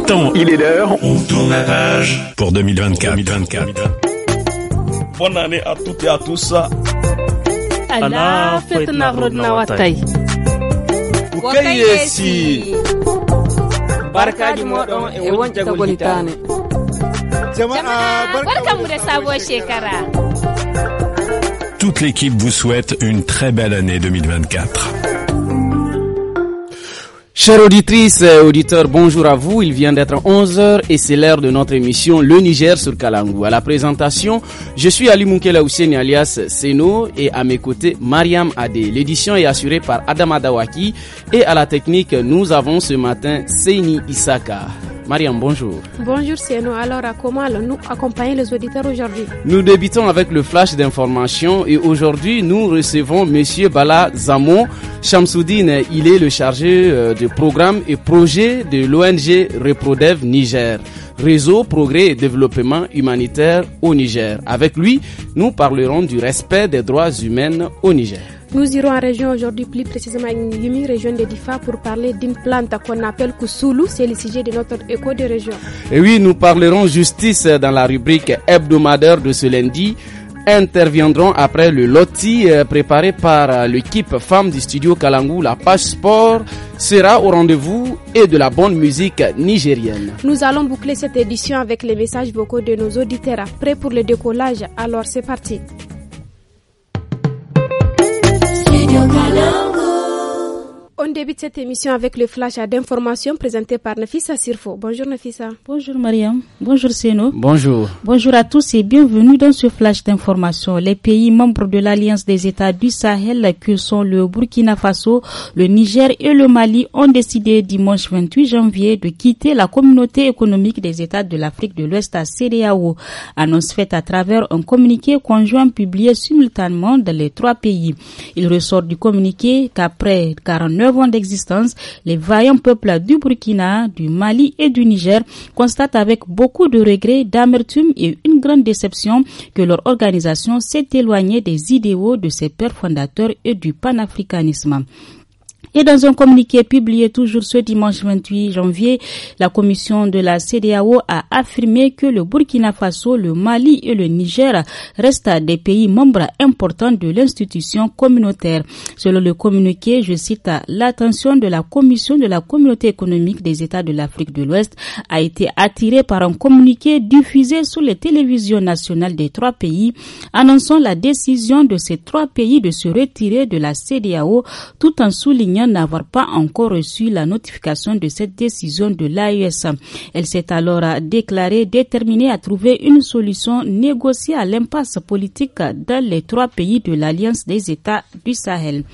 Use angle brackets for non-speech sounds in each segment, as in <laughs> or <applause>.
temps. Il est l'heure. On tourne Pour 2024. Bonne année à toutes et à tous. E Toute l'équipe vous souhaite une très belle année 2024. Chères auditrices et auditeurs, bonjour à vous. Il vient d'être 11h et c'est l'heure de notre émission Le Niger sur Kalangou. À la présentation, je suis Ali Moukela alias Seno et à mes côtés Mariam Adé. L'édition est assurée par Adam Adawaki et à la technique, nous avons ce matin seni Isaka. Mariam, bonjour. Bonjour nous. Alors, comment allons-nous accompagner les auditeurs aujourd'hui Nous débutons avec le flash d'information et aujourd'hui, nous recevons M. Bala Zamo Shamsoudine. Il est le chargé euh, de programme et projet de l'ONG Reprodev Niger. Réseau Progrès et Développement Humanitaire au Niger. Avec lui, nous parlerons du respect des droits humains au Niger. Nous irons en région aujourd'hui, plus précisément à Yumi, région de Difa, pour parler d'une plante qu'on appelle Kusulu. C'est le sujet de notre écho de région. Et oui, nous parlerons justice dans la rubrique hebdomadaire de ce lundi Interviendrons après le loti euh, préparé par euh, l'équipe femme du studio Kalangu. La page sport sera au rendez-vous et de la bonne musique nigérienne. Nous allons boucler cette édition avec les messages vocaux de nos auditeurs prêts pour le décollage. Alors c'est parti. No. on débute cette émission avec le flash d'informations présenté par Nafissa Sirfo. Bonjour Nafissa. Bonjour Mariam. Bonjour Seno. Bonjour. Bonjour à tous et bienvenue dans ce flash d'informations. Les pays membres de l'Alliance des États du Sahel que sont le Burkina Faso, le Niger et le Mali ont décidé dimanche 28 janvier de quitter la communauté économique des États de l'Afrique de l'Ouest à CEDEAO. Annonce faite à travers un communiqué conjoint publié simultanément dans les trois pays. Il ressort du communiqué qu'après 49 d'existence, les vaillants peuples du Burkina, du Mali et du Niger constatent avec beaucoup de regrets, d'amertume et une grande déception que leur organisation s'est éloignée des idéaux de ses pères fondateurs et du panafricanisme. Et dans un communiqué publié toujours ce dimanche 28 janvier, la commission de la CDAO a affirmé que le Burkina Faso, le Mali et le Niger restent des pays membres importants de l'institution communautaire. Selon le communiqué, je cite, l'attention de la commission de la communauté économique des États de l'Afrique de l'Ouest a été attirée par un communiqué diffusé sur les télévisions nationales des trois pays annonçant la décision de ces trois pays de se retirer de la CDAO tout en soulignant n'avoir pas encore reçu la notification de cette décision de l'AES. Elle s'est alors déclarée déterminée à trouver une solution négociée à l'impasse politique dans les trois pays de l'Alliance des États du Sahel.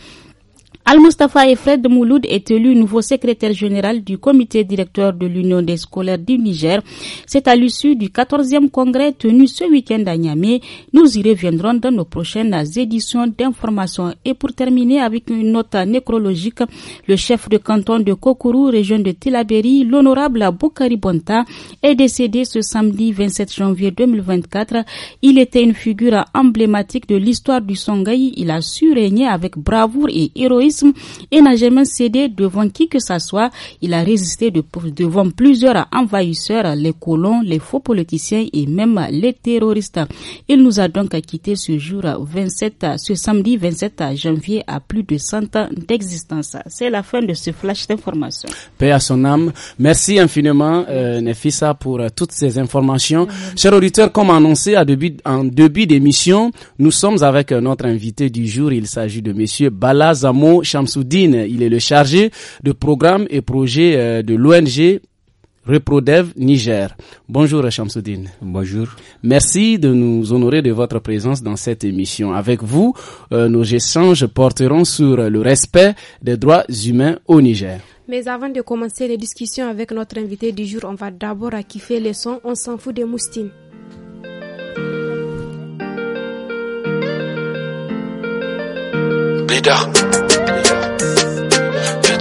Al-Mustafa Efred Mouloud est élu nouveau secrétaire général du comité directeur de l'Union des scolaires du Niger. C'est à l'issue du 14e congrès tenu ce week-end à Niamey. Nous y reviendrons dans nos prochaines éditions d'information. Et pour terminer avec une note nécrologique, le chef de canton de Kokourou, région de Tilaberi, l'honorable Bokari Bonta, est décédé ce samedi 27 janvier 2024. Il était une figure emblématique de l'histoire du Songhai. Il a su régner avec bravoure et héroïsme et n'a jamais cédé devant qui que ce soit. Il a résisté de, devant plusieurs envahisseurs, les colons, les faux politiciens et même les terroristes. Il nous a donc quitté ce jour 27, ce samedi 27 janvier à plus de 100 ans d'existence. C'est la fin de ce flash d'information. Paix à son âme. Merci infiniment, Nefisa euh, Nefissa, pour euh, toutes ces informations. Chers auditeurs, comme annoncé à début, en début d'émission, nous sommes avec euh, notre invité du jour. Il s'agit de monsieur Bala Zamo Chamsoudine, Il est le chargé de programme et projets euh, de l'ONG Reprodev Niger. Bonjour Chamsoudine Bonjour. Merci de nous honorer de votre présence dans cette émission. Avec vous, euh, nos échanges porteront sur le respect des droits humains au Niger. Mais avant de commencer les discussions avec notre invité du jour, on va d'abord kiffer les sons On s'en fout des moustiques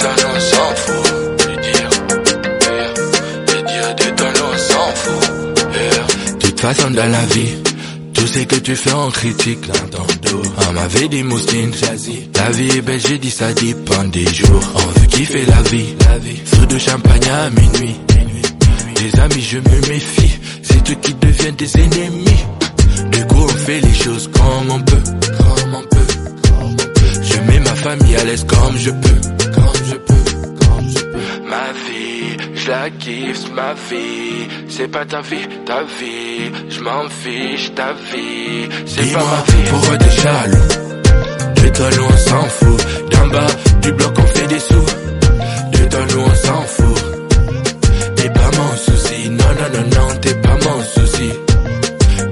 on s'en fout. façon dans la vie. Tout ce que tu fais en critique, l'intendo. On m'avait dit moustine, La vie est belle, j'ai dit ça dépend des jours. On veut kiffer la vie, la vie. de champagne à minuit. Des amis, je me méfie. C'est eux qui deviennent des ennemis. Du coup, on fait les choses comme on peut. Comme on peut. Je mets ma famille à l'aise comme je peux vie, je la kiffe, ma vie. C'est pas ta vie, ta vie, je m'en fiche, ta vie. C'est pas ma vie. pour t'es jaloux. De toi, on s'en fout. D'un bas, du bloc, on fait des sous. De toi, on s'en fout. T'es pas mon souci, non, non, non, non, t'es pas mon souci.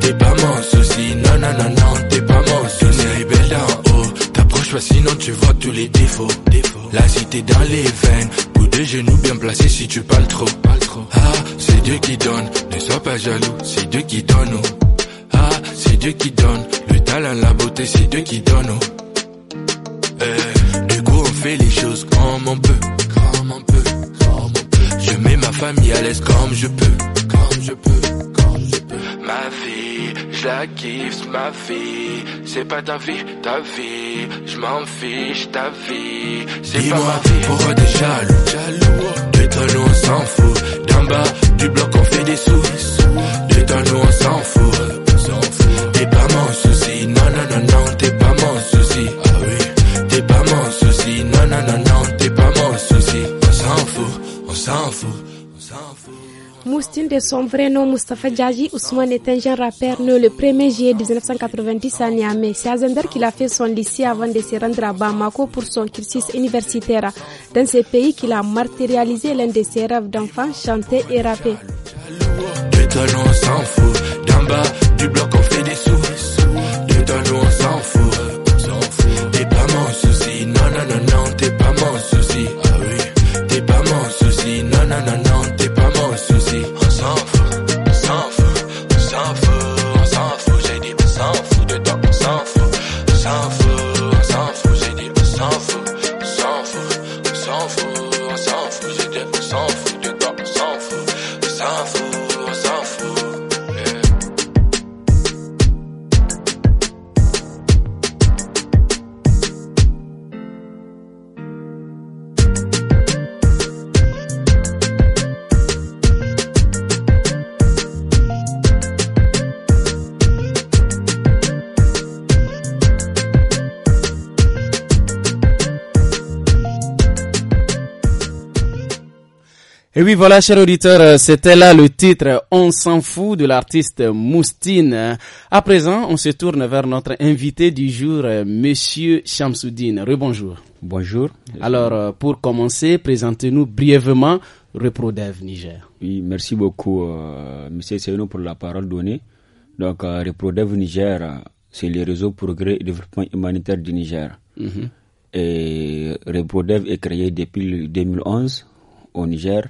T'es pas mon souci, non, non, non, non, t'es pas mon souci. T'es belle d'en haut, t'approches pas sinon tu vois tous les défauts. La cité dans les veines, les genoux bien placés si tu parles trop. Ah, c'est Dieu qui donne, ne sois pas jaloux, c'est Dieu qui donne. Oh. Ah, c'est Dieu qui donne, le talent, la beauté, c'est Dieu qui donne. Oh. Eh, du coup, on fait les choses comme on peut. Comme on peut, comme on peut. Je mets ma famille à l'aise comme je peux. Comme je peux, comme je peux. Ma vie je la kiffe ma vie. C'est pas ta vie, ta vie, je m'en fiche ta vie. C'est pas ma vie. Pour des jaloux, jaloux. De on s'en fout. D'en bas du bloc on fait des sous. De on s'en fout. Moustine de son vrai nom Mustafa Djaji Ousmane est un jeune rappeur né le 1er juillet 1990 à Niamey. C'est à Zender qu'il a fait son lycée avant de se rendre à Bamako pour son cursus universitaire. Dans ce pays qu'il a matérialisé l'un de ses rêves d'enfant, chanter et rapper. s'en du bloc on fait des s'en fout. oui, voilà, cher auditeur, euh, c'était là le titre On s'en fout de l'artiste Moustine. À présent, on se tourne vers notre invité du jour, euh, Monsieur Shamsoudine. Rebonjour. Bonjour. Alors, euh, pour commencer, présentez-nous brièvement Reprodev Niger. Oui, merci beaucoup, M. Monsieur pour la parole donnée. Donc, Reprodev Niger, c'est le réseau Progrès et Développement Humanitaire du Niger. Mhm. Et Reprodev est créé depuis 2011 au Niger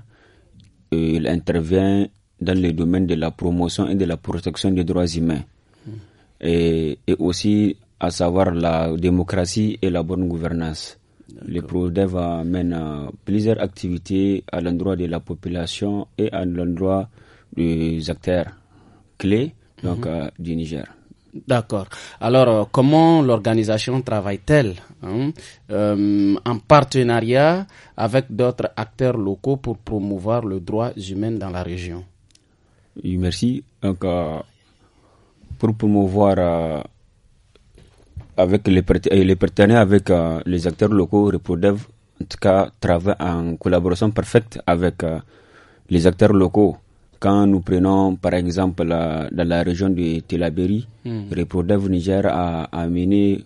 il intervient dans le domaine de la promotion et de la protection des droits humains. Hmm. Et, aussi à savoir la démocratie et la bonne gouvernance. Le ProDev amène euh, plusieurs activités à l'endroit de la population et à l'endroit des acteurs clés donc, hmm. euh, du Niger. D'accord. Alors, euh, comment l'organisation travaille-t-elle hein, euh, en partenariat avec d'autres acteurs locaux pour promouvoir le droit humain dans la région Merci. Euh, pour promouvoir avec les, les, partenaires, avec les acteurs locaux, RepoDev en tout cas, travaille en collaboration parfaite avec les acteurs locaux quand nous prenons, par exemple, dans la région de Telaberi, mmh. Reprodev Niger a, mené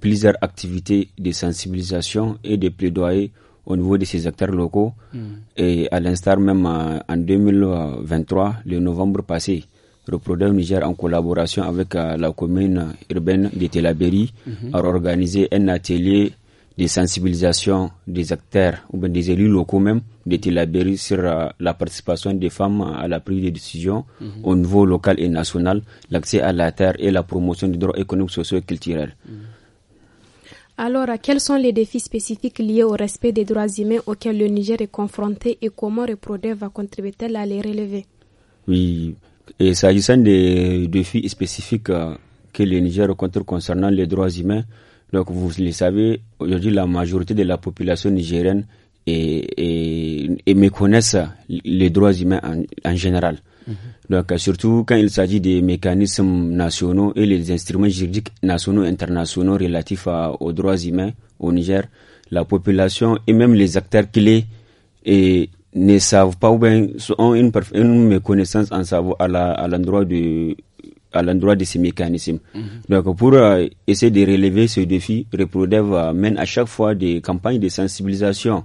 plusieurs activités de sensibilisation et de plaidoyer au niveau de ses acteurs locaux. Hmm. Et à l'instar même euh, en 2023, le novembre passé, Reprodev Niger, en collaboration avec euh, la commune urbaine de Telaberi, hmm. a organisé un atelier des sensibilisations des acteurs ou des élus locaux même de élaborés sur euh, la participation des femmes à la prise de décision mhm. au niveau local et national, l'accès à la terre et la promotion des droits économiques, sociaux et culturels. Mhm. Alors, euh, quels sont les défis spécifiques liés au respect des droits humains auxquels le Niger est confronté et comment Reprodev va contribuer à les relever Oui, et s'agissant des défis spécifiques euh, que le Niger rencontre concernant les droits humains, donc vous le savez, aujourd'hui la majorité de la population nigérienne et, et, et les droits humains en, général. Mhm. Donc surtout quand il s'agit des mécanismes nationaux et les instruments juridiques nationaux et internationaux relatifs aux droits humains au Niger, la population et même les acteurs clés ne savent pas ou bien ont une, méconnaissance en savoir à l'endroit de à l'endroit de ces mécanismes. Donc pour euh, essayer de relever ce défi, ReproDev euh, mène à chaque fois des campagnes de sensibilisation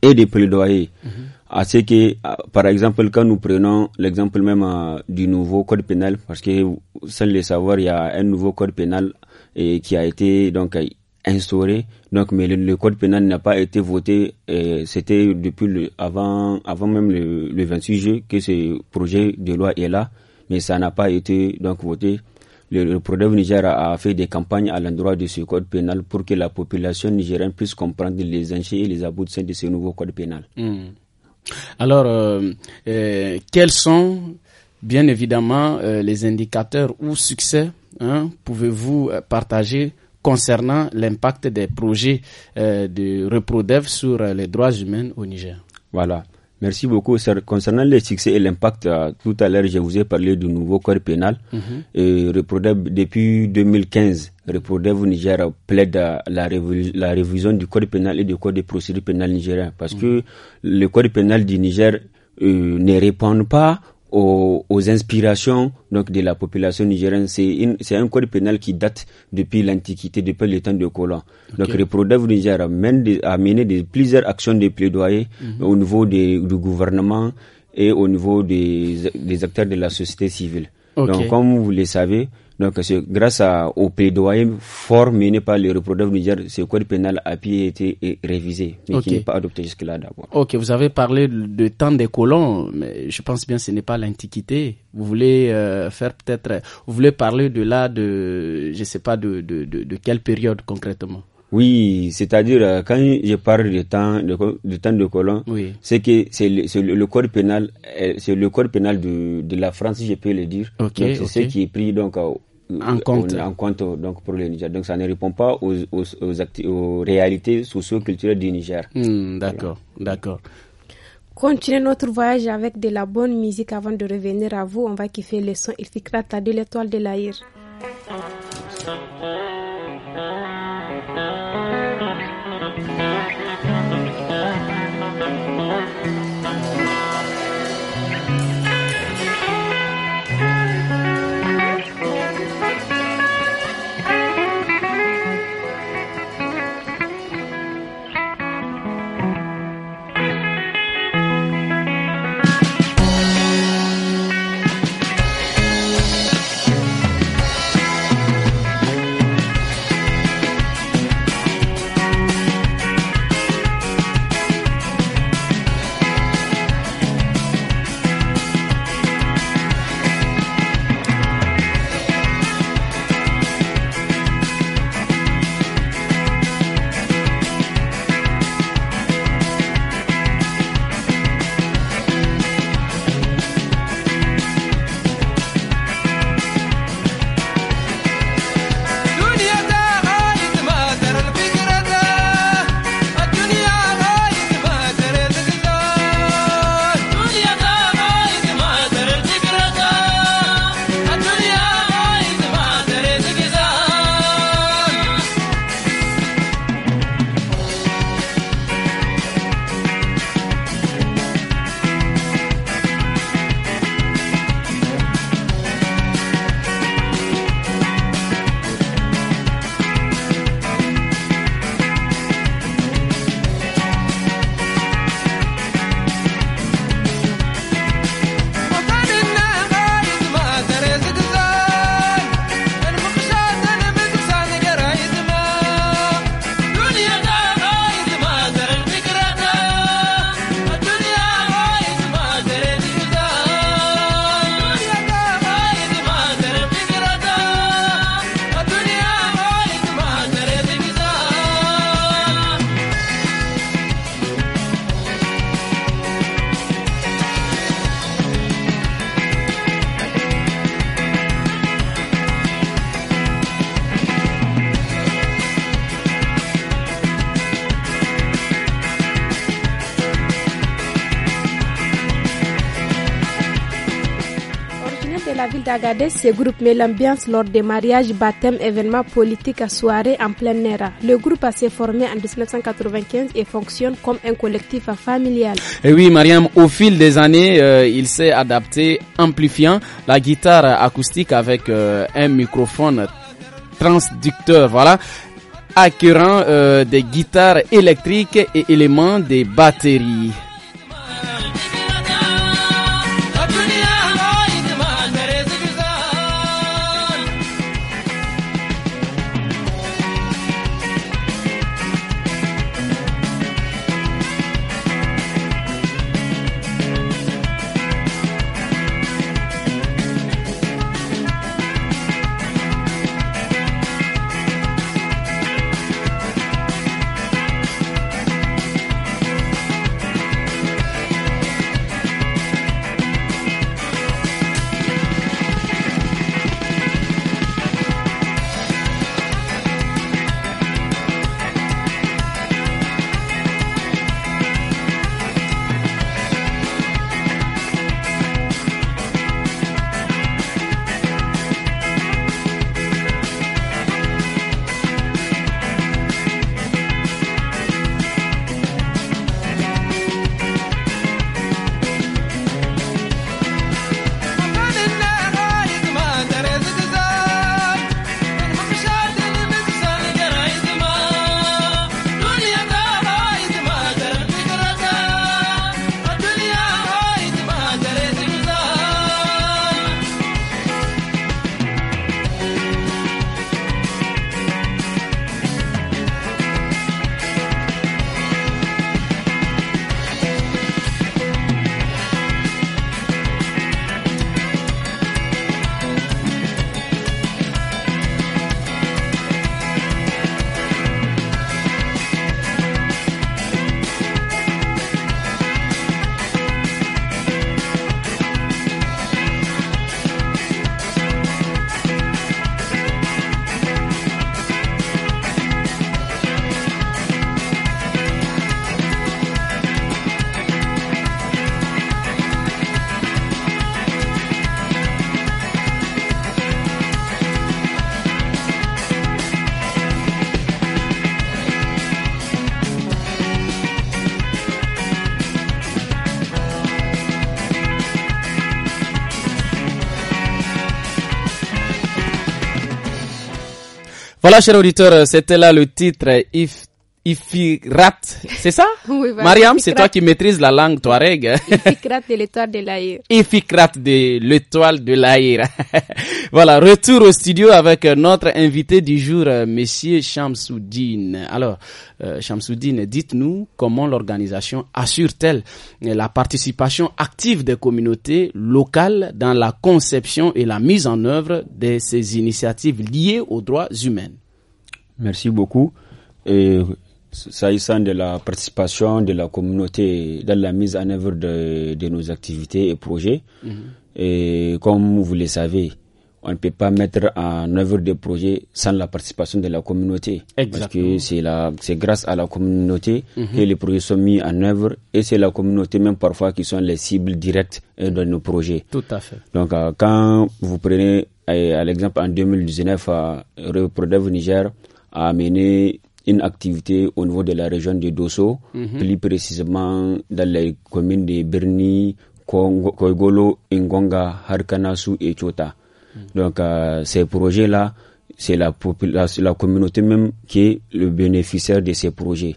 et de plaidoyer. À ce que, euh, par exemple, quand nous prenons l'exemple même du nouveau code pénal, parce que sans le savoir, il y a un nouveau code pénal et, qui a été donc instauré. Donc, mais le, code pénal n'a pas été voté. C'était depuis avant, avant même le, le 28 juillet que ce projet de loi est là mais ça n'a pas été donc voté. Le, Reprodev Niger a, fait des campagnes à l'endroit de ce code pénal pour que la population nigérienne puisse comprendre les enjeux et les aboutissants de ce nouveau code pénal. Hmm. Alors, euh, euh, quels sont bien évidemment euh, les indicateurs ou succès hein, pouvez-vous partager concernant l'impact des projets de ReproDev sur les droits humains au Niger Voilà. Merci beaucoup. Concernant le succès et l'impact, euh, tout à l'heure, je vous ai parlé du nouveau code pénal. Mhm. et depuis 2015, Reprodev Niger plaide la, révision du code pénal et du code de procédure pénale nigérien parce mhm. que le code pénal du Niger euh, ne répond pas aux, inspirations donc de la population nigérienne. C'est un code pénal qui date depuis l'Antiquité, depuis le temps de colon. Donc le Prodev Niger a, mené plusieurs actions de plaidoyer mhm. au niveau des, du gouvernement et au niveau des, des acteurs de la société civile. Donc comme vous le savez, donc, grâce au plaidoyer formé par les reproducteurs du ce code pénal a pu été euh, révisé, mais qui n'est pas adopté jusque-là d'abord. Ok, vous avez parlé de temps des colons, mais je pense bien que ce n'est pas l'Antiquité. Vous voulez euh, faire peut-être, vous voulez parler de là, de, je ne sais pas, de, quelle période concrètement oui, c'est-à-dire euh, quand je parle de temps de, temps de colon, c'est que c'est le, code pénal, c'est le code pénal de, la France, si je peux le dire. Okay, c'est ce qui est pris donc euh, en compte. en donc, pour le Niger. Donc ça ne répond pas aux, aux, aux, réalités socio-culturelles du Niger. Hmm, d'accord, d'accord. Continuez notre voyage avec de la bonne musique avant de revenir à vous. On va kiffer le son Il à de l'étoile de l'Aïr. Regardez, ce groupe met l'ambiance lors des mariages, baptêmes, événements politiques à soirée en plein air. Le groupe a s'est formé en 1995 et fonctionne comme un collectif familial. Et oui, Mariam, au fil des années, euh, il s'est adapté, amplifiant la guitare acoustique avec euh, un microphone transducteur, voilà, acquérant euh, des guitares électriques et éléments des batteries. Voilà, cher c'était là le titre If Ifirat, c'est ça <laughs> Mariam, c'est toi qui maîtrises la langue touareg. <laughs> Ifikrat de l'étoile de l'air. Ifikrat de l'étoile de l'Aïr. <laughs> voilà, retour au studio avec notre invité du jour, euh, Monsieur Chamsoudine. Alors, euh, Shamsoudine, dites-nous comment l'organisation assure-t-elle euh, la participation active des communautés locales dans la conception et la mise en œuvre de ces initiatives liées aux droits humains Merci beaucoup. Et s'agissant de la participation de la communauté dans la mise en œuvre de, nos activités et projets, mhm. et comme vous le savez, on ne peut pas mettre en œuvre des projets sans la participation de la communauté. Parce que c'est la, c'est grâce à la communauté mhm. que les projets sont mis en œuvre et c'est la communauté même parfois qui sont les cibles directes de nos projets. Tout à fait. Donc, euh, quand vous prenez, euh, à l'exemple, en 2019, à au Niger, a mené une activité au niveau de la région de Dosso, mhm. plus précisément dans les communes de Berni, Koigolo, Ngonga, Harkanasu et Chota. Mhm. Donc euh, ces projets-là, c'est la, communauté même qui est le bénéficiaire de ces projets.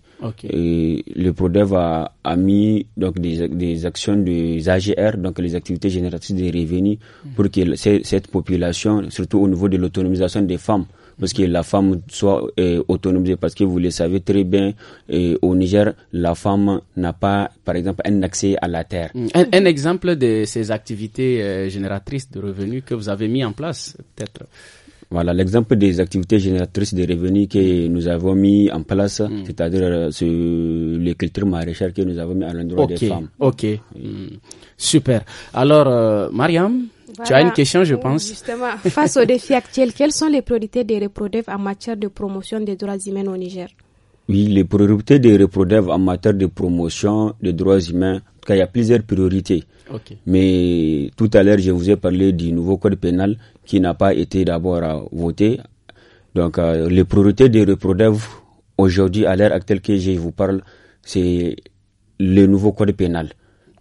Et le PRODEV a, mis donc des, actions des AGR, donc les activités génératrices des revenus, mhm. pour que cette population, surtout au niveau de l'autonomisation des femmes, parce que la femme soit autonome, euh, autonomisée, parce que vous le savez très bien, euh, au Niger, la femme n'a pas, par exemple, un accès à la terre. Mm. Un, exemple de ces activités euh, génératrices de revenus que vous avez mis en place, peut-être voilà l'exemple des activités génératrices de revenus que nous avons mis en place, mm. c'est-à-dire les cultures maraîchères que nous avons mis à l'endroit des femmes. Ok, mm. super. Alors, Mariam, tu as une question, je pense. Justement, <laughs> face aux défis actuels, quelles sont les priorités des REPRODEV en matière de promotion des droits humains au Niger Oui, les priorités des REPRODEV en matière de promotion des droits humains, il y a plusieurs priorités. Mais tout à l'heure, je vous ai parlé du nouveau code pénal qui n'a pas été d'abord euh, voté. Donc, euh, les priorités des REPRODEV aujourd'hui, à l'heure actuelle que je vous parle, c'est le nouveau code pénal.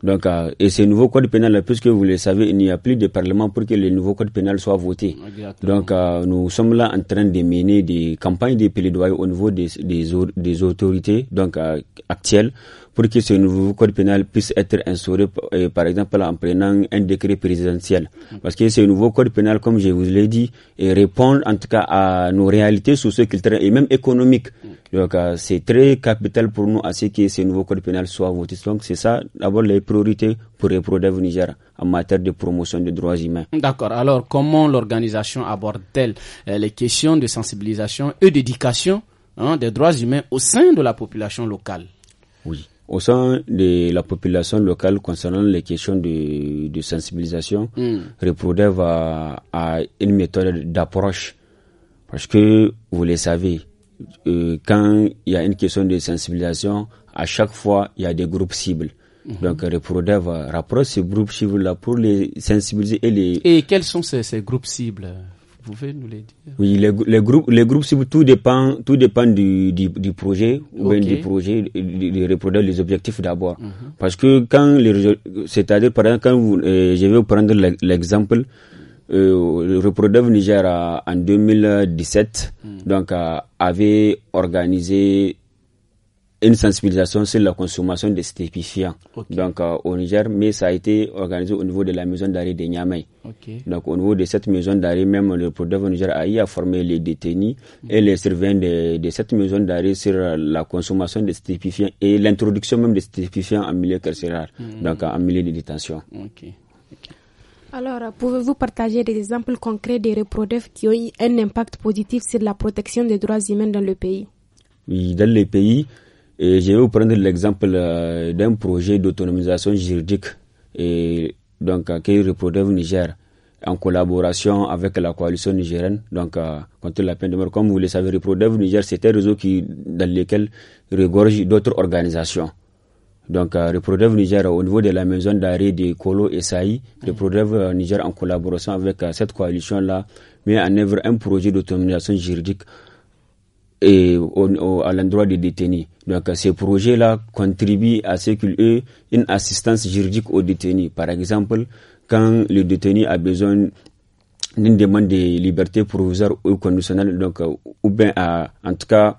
Donc, euh, et ce nouveau code pénal, puisque vous le savez, il n'y a plus de parlement pour que le nouveau code pénal soit voté. Donc, euh, nous sommes là en train de mener des campagnes de plaidoyer au niveau des, des autorités donc, euh, actuelles pour que ce nouveau code pénal puisse être instauré, euh, par exemple, en prenant un décret présidentiel. Parce que ce nouveau code pénal, comme je vous l'ai dit, euh, répond en tout cas à nos réalités qu'il et même économiques. Donc, euh, c'est très capital pour nous à ce que ce nouveau code pénal soit voté. Donc, c'est ça, d'abord, les priorités pour les produits Niger en matière de promotion des droits humains. D'accord. Alors, comment l'organisation aborde-t-elle les questions de sensibilisation et d'éducation hein, des droits humains au sein de la population locale Oui au sein de la population locale concernant les questions de, de sensibilisation, hmm. Reprodev a, une méthode d'approche. Parce que, vous le savez, euh, quand il y a une question de sensibilisation, à chaque fois, il y a des groupes cibles. Mhm. Donc, Reprodev rapproche ces groupes cibles-là pour les sensibiliser et les... Et quels sont ces, ces groupes cibles vous pouvez nous les dire Oui, les, les groupes, les groupes tout dépend, tout dépend du, du, projet ou bien du projet les reproduire les objectifs d'abord. Mhm. Parce que quand les, c'est-à-dire par exemple quand euh, je vais vous prendre l'exemple. Euh, le reproduire Niger en 2017 mhm. donc euh, avait organisé une sensibilisation sur la consommation de stupéfiants. Donc euh, au Niger, mais ça a été organisé au niveau de la maison d'arrêt de Niamey. Donc au niveau de cette maison d'arrêt, même le au Niger a formé à former les détenus et les surveillants de, cette maison d'arrêt sur la consommation de stupéfiants et l'introduction même de stupéfiants en milieu carcéral, hmm. donc en milieu de détention. Alors, pouvez-vous partager des exemples concrets des reproducts qui ont eu un impact positif sur la protection des droits humains dans le pays Oui, Dans le pays, et je vais vous prendre l'exemple euh, d'un projet d'autonomisation juridique et donc euh, qui Niger en collaboration avec la coalition nigérienne donc euh, contre la peine de mort. Comme vous le savez, Reprodev Niger, c'est un réseau qui, dans lequel regorge d'autres organisations. Donc, Reprodev Niger, au niveau de la maison d'arrêt de Kolo et Saï, Reprodev Niger, en collaboration avec cette coalition-là, met en œuvre un projet d'autonomisation juridique et au, à l'endroit des détenus. Donc ces projets-là contribuent à ce qu'il y ait une assistance juridique aux détenus. Par exemple, quand le détenu a besoin d'une demande de liberté provisoire ou conditionnelle, donc, ou bien, en tout cas,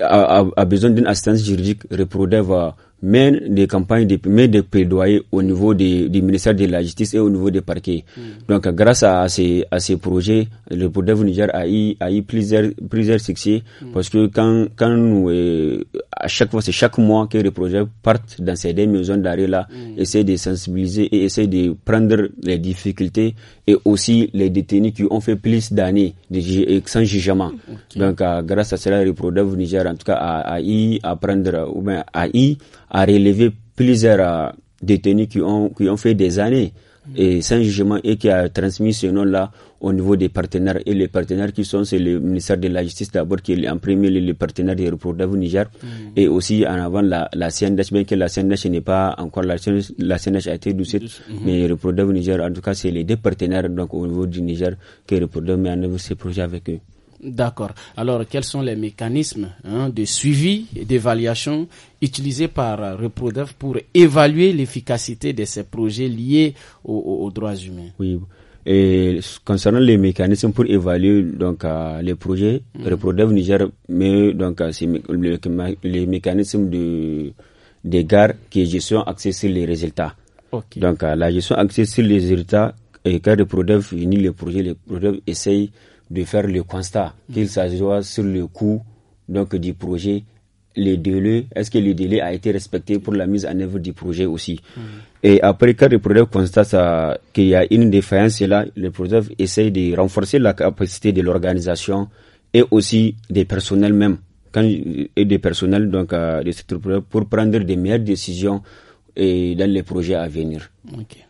a, besoin d'une assistance juridique reproduire mène des campagnes, de, mène des plaidoyers au niveau des, du ministère de la Justice et au niveau des parquets. Hmm. Donc, grâce à, ces, à ces projets, le du Niger a eu, a plusieurs, plusieurs succès hmm. parce que quand, quand nous, euh, à chaque fois, c'est chaque mois que les projets partent dans ces deux maisons d'arrêt-là, mmh. de sensibiliser et essayer de prendre les difficultés et aussi les détenus qui ont fait plus d'années euh, sans jugement. Donc, euh, grâce à cela, le du Niger, en tout cas, a, a eu à prendre, ou bien a eu a relevé plusieurs euh, détenus qui ont, qui ont fait des années et mm. sans jugement et qui a transmis ce nom-là au niveau des partenaires. Et les partenaires qui sont, c'est le ministère de la Justice d'abord, qui est en premier le partenaire des au Niger, mm. et aussi en avant la, la CNH, bien que la CNH n'est pas encore la CNH, la CNH a été douce, mm-hmm. mais Niger, en tout cas, c'est les deux partenaires, donc au niveau du Niger, que reproducteurs met en œuvre ces projets avec eux. D'accord. Alors, quels sont les mécanismes hein, de suivi et d'évaluation utilisés par Reprodev pour évaluer l'efficacité de ces projets liés aux, droits humains Oui. Et concernant les mécanismes pour évaluer donc euh, les projets, mm. Reprodev Niger mais donc euh, les, mécanismes de des gares qui sont gestion sur les résultats. Donc la gestion axée sur les résultats et quand Reprodev finit les projets, les projets essayent de faire le constat, qu'il mm. s'agisse sur le coût donc, du projet, les délais, est-ce que le délai a été respecté pour la mise en œuvre du projet aussi. Mm. Et après, quand le projet constate qu'il y a une défaillance, là, le projet essaye de renforcer la capacité de l'organisation et aussi des personnels même, quand, et des personnels donc, euh, secteur pour prendre des meilleures décisions et dans les projets à venir. Okay.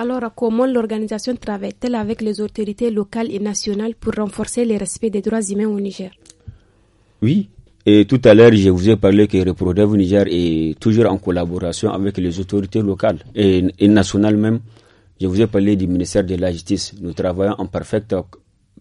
Alors, comment l'organisation travaille-t-elle avec les autorités locales et nationales pour renforcer le respect des droits humains au Niger Oui, et tout à l'heure, je vous ai parlé que Reprodev Niger est toujours en collaboration avec les autorités locales et, nationales même. Je vous ai parlé du ministère de la Justice. Nous travaillons en parfaite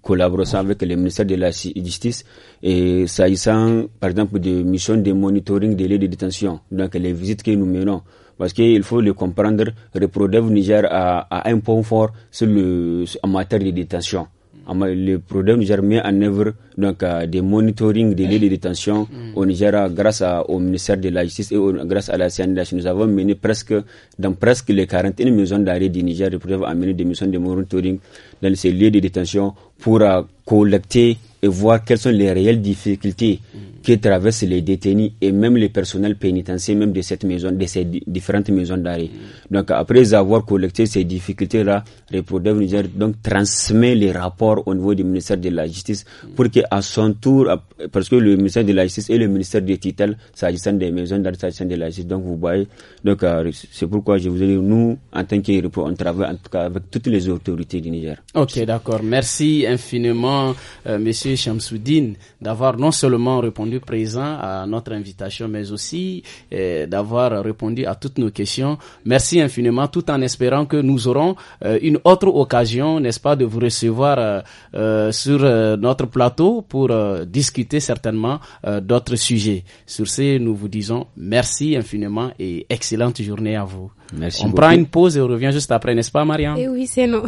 collaboration avec le ministère de la Justice et s'agissant, par exemple, de missions de monitoring des lieux de détention, donc les visites que nous menons parce qu'il faut le comprendre, Reprodève Niger a, a, un point fort sur le, en matière de détention. Le Prodev Niger met en œuvre donc, euh, des monitoring des lieux de détention au Niger grâce au ministère de la Justice et grâce à la CNDH. Nous avons mené presque, dans presque les 41 maisons d'arrêt du Niger, Reprodev a mené des missions de monitoring dans ces lieux de détention pour euh, collecter et voir quelles sont les réelles difficultés qui traversent les détenus et même les personnels pénitentiaires, même de cette maison, de ces différentes maisons d'arrêt. Donc, après avoir collecté ces difficultés-là, Reprodev Niger donc transmet les rapports au niveau du ministère de la Justice pour que à son tour, parce que le ministère de la Justice et le ministère des Titels s'agissant des maisons d'arrêt, s'agissant de la Justice, donc vous voyez, donc euh, c'est pourquoi je vous ai dit, nous, en tant que on travaille en tout cas avec toutes les autorités du Niger. Ok, d'accord. Merci infiniment, euh, Monsieur Chamsoudine, d'avoir non seulement répondu présent à notre invitation, mais aussi eh, d'avoir répondu à toutes nos questions. Merci infiniment, tout en espérant que nous aurons eh, une autre occasion, n'est-ce pas, de vous recevoir eh, sur notre plateau pour discuter certainement d'autres sujets. Sur ce, nous vous disons merci infiniment et excellente journée à vous. Merci on prend une pause et on revient juste après, n'est-ce pas, Marianne? Et oui, c'est nous.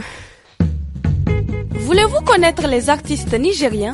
Voulez-vous connaître les artistes nigériens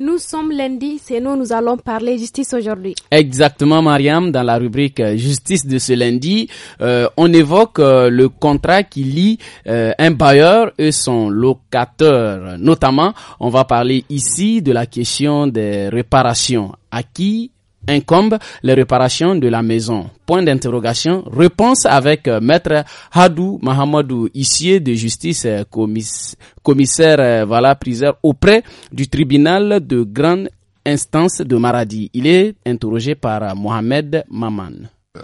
Nous sommes lundi, c'est nous, nous allons parler justice aujourd'hui. Exactement, Mariam, dans la rubrique euh, justice de ce lundi, euh, on évoque euh, le contrat qui lie un bailleur et son locateur. Notamment, on va parler ici de la question des réparations. À qui incombe les réparations de la maison. Point d'interrogation. Réponse avec euh, maître Hadou Mahamadou Issier de justice euh, commissaire euh, voilà priseur auprès du tribunal de grande instance de Maradi. Il est interrogé par Mohamed Maman.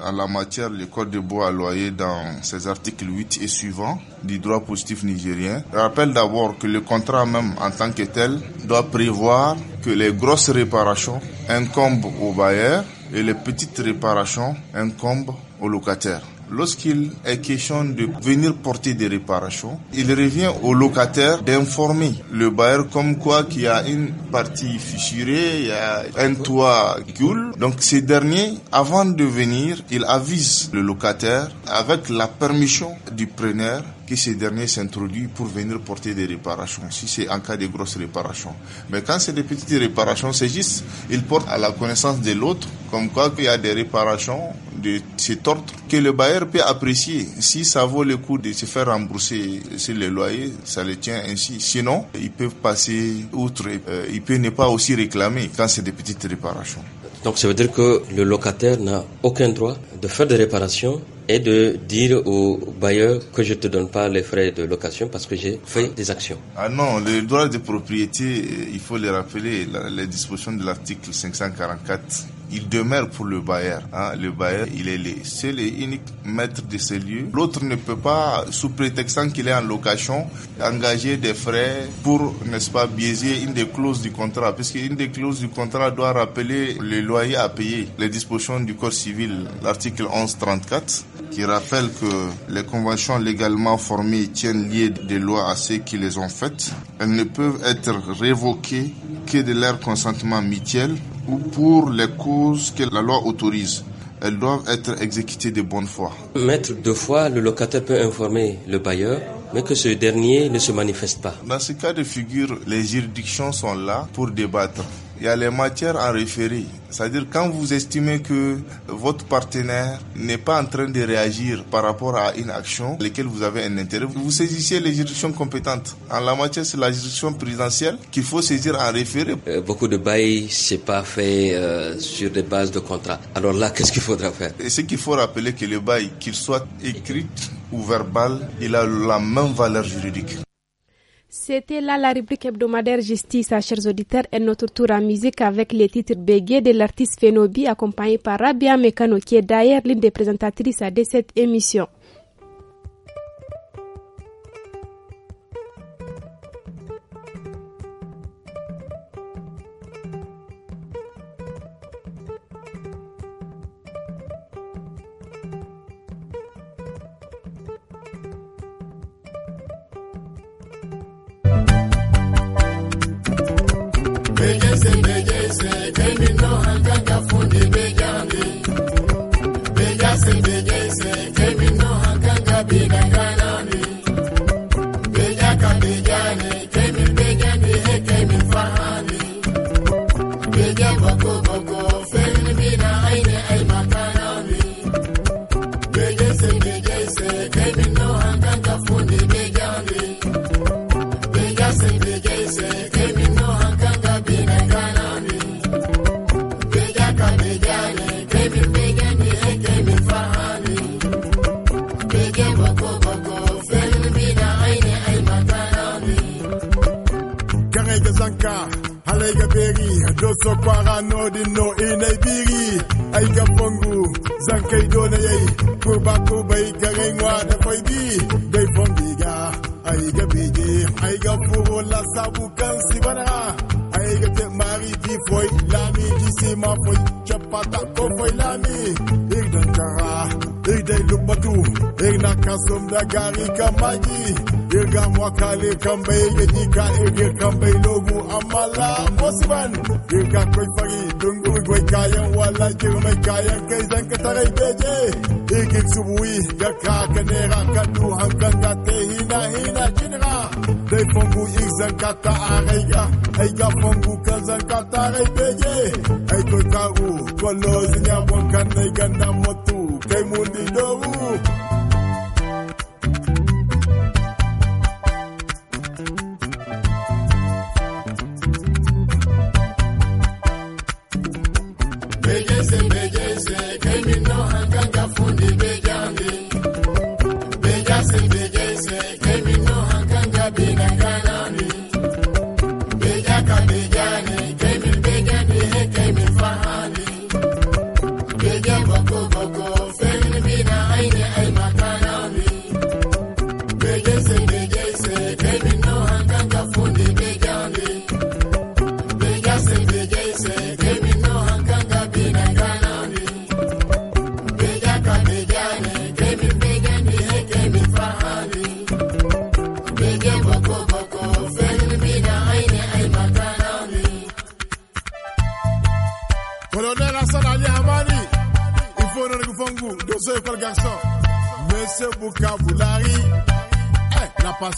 En la matière, le Code de bois alloyé dans ses articles 8 et suivants du droit positif nigérien. rappelle d'abord que le contrat même en tant que tel doit prévoir que les grosses réparations incombent au bailleur et les petites réparations incombent aux locataires. Lorsqu'il est question de venir porter des réparations, il revient au locataire d'informer le bailleur comme quoi qu'il y a une partie fissurée, il y a un toit gueule. Donc ces derniers, avant de venir, il avise le locataire avec la permission du preneur que ces derniers s'introduisent pour venir porter des réparations, si c'est en cas de grosses réparations. Mais quand c'est des petites réparations, c'est juste, ils portent à la connaissance de l'autre, comme quoi qu'il y a des réparations de ces ordre que le bailleur peut apprécier. Si ça vaut le coup de se faire rembourser sur le loyer, ça le tient ainsi. Sinon, ils peuvent passer outre, il euh, ils peuvent ne pas aussi réclamer quand c'est des petites réparations. Donc ça veut dire que le locataire n'a aucun droit de faire des réparations et de dire au bailleur que je ne te donne pas les frais de location parce que j'ai fait des actions. Ah non, les droits de propriété, il faut les rappeler, les dispositions de l'article 544 il demeure pour le bailleur. Hein. Le bailleur, il est le seul et unique maître de ces lieux. L'autre ne peut pas, sous prétextant qu'il est en location, engager des frais pour, n'est-ce pas, biaiser une des clauses du contrat, puisque une des clauses du contrat doit rappeler les loyers à payer. Les dispositions du Code civil, l'article 1134, qui rappelle que les conventions légalement formées tiennent lieu des lois à ceux qui les ont faites. Elles ne peuvent être révoquées que de leur consentement mutuel pour les causes que la loi autorise. Elles doivent être exécutées de bonne foi. Maître de foi, le locataire peut informer le bailleur mais que ce dernier ne se manifeste pas. Dans ce cas de figure, les juridictions sont là pour débattre il y a les matières à référer, C'est-à-dire quand vous estimez que votre partenaire n'est pas en train de réagir par rapport à une action à laquelle vous avez un intérêt, vous saisissez les juridictions compétentes. En la matière, c'est la juridiction présidentielle qu'il faut saisir en référé. Euh, beaucoup de bail, c'est pas fait euh, sur des bases de contrat. Alors là, qu'est-ce qu'il faudra faire Et ce qu'il faut rappeler que le bail, qu'il soit écrit ou verbal, il a la même valeur juridique. C'était là la rubrique hebdomadaire Justice, à chers auditeurs, et notre tour à musique avec les titres bégués de l'artiste Fenobi, accompagné par Rabia Mekano, qui est d'ailleurs l'une des présentatrices de cette émission. begeze begeze kemino hanganga fundi bejambi begase begeze kemino hanganga bidanganami bejaka bejane kemi bejani he kemi fahani beja boko boko so kwaranodin no inai biri ai gabangu do kai dole yayi kurba kurbai garin wa da bi fondiga ay la sabu kansi sibana ai te mari di foi lami di ma foi chapata ko foi lami watu ena kasımda gari kamaji irga mwakale kambe yenika ege kambe logu amala osman irga koy fari dungu goy kayan wala jirmay kayan kay zan ka taray beje ege subui ya ka kanera kadu hankanda te hina hina jinra dai fongu izan kata arega aiga fongu kazan kata ray beje ai koy karu koloz nya bokan nay ganda motu Raimundo Dowu.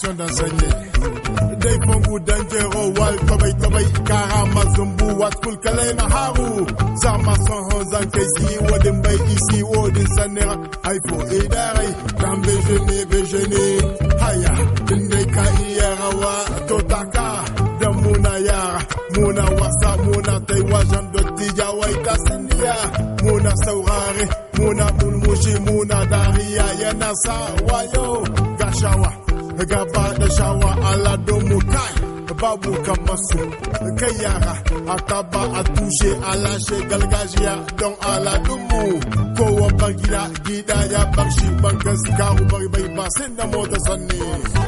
question d'enseigner. Dai fungu dan wal tobai tobai kara wat Zama son hon alashe galgajiya don aladunmu kowa bagida gida ya bakshi bangas kawo bai bai ba sai da mota sanne.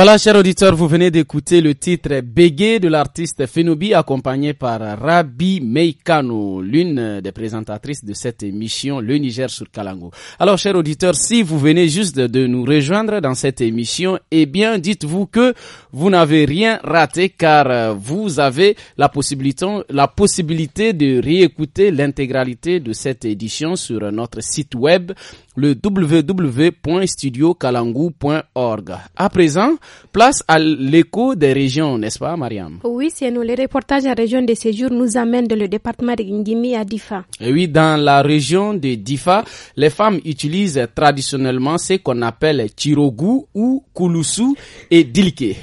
Voilà, chers auditeurs, vous venez d'écouter le titre Bégué de l'artiste Fenobi accompagné par Rabi Meikano, l'une des présentatrices de cette émission Le Niger sur Kalango. Alors, chers auditeurs, si vous venez juste de nous rejoindre dans cette émission, eh bien, dites-vous que vous n'avez rien raté car euh, vous avez la possibilité, la possibilité de réécouter l'intégralité de cette édition sur notre site web le www.studiocalangou.org. À présent, Place à l'écho des régions, n'est-ce pas, Mariam Oui, c'est nous. Les reportages à région de séjour nous amènent dans le département de Ngimi à Difa. oui, dans la région de Difa, les femmes utilisent traditionnellement ce qu'on appelle tirogu ou Koulousou et dilke.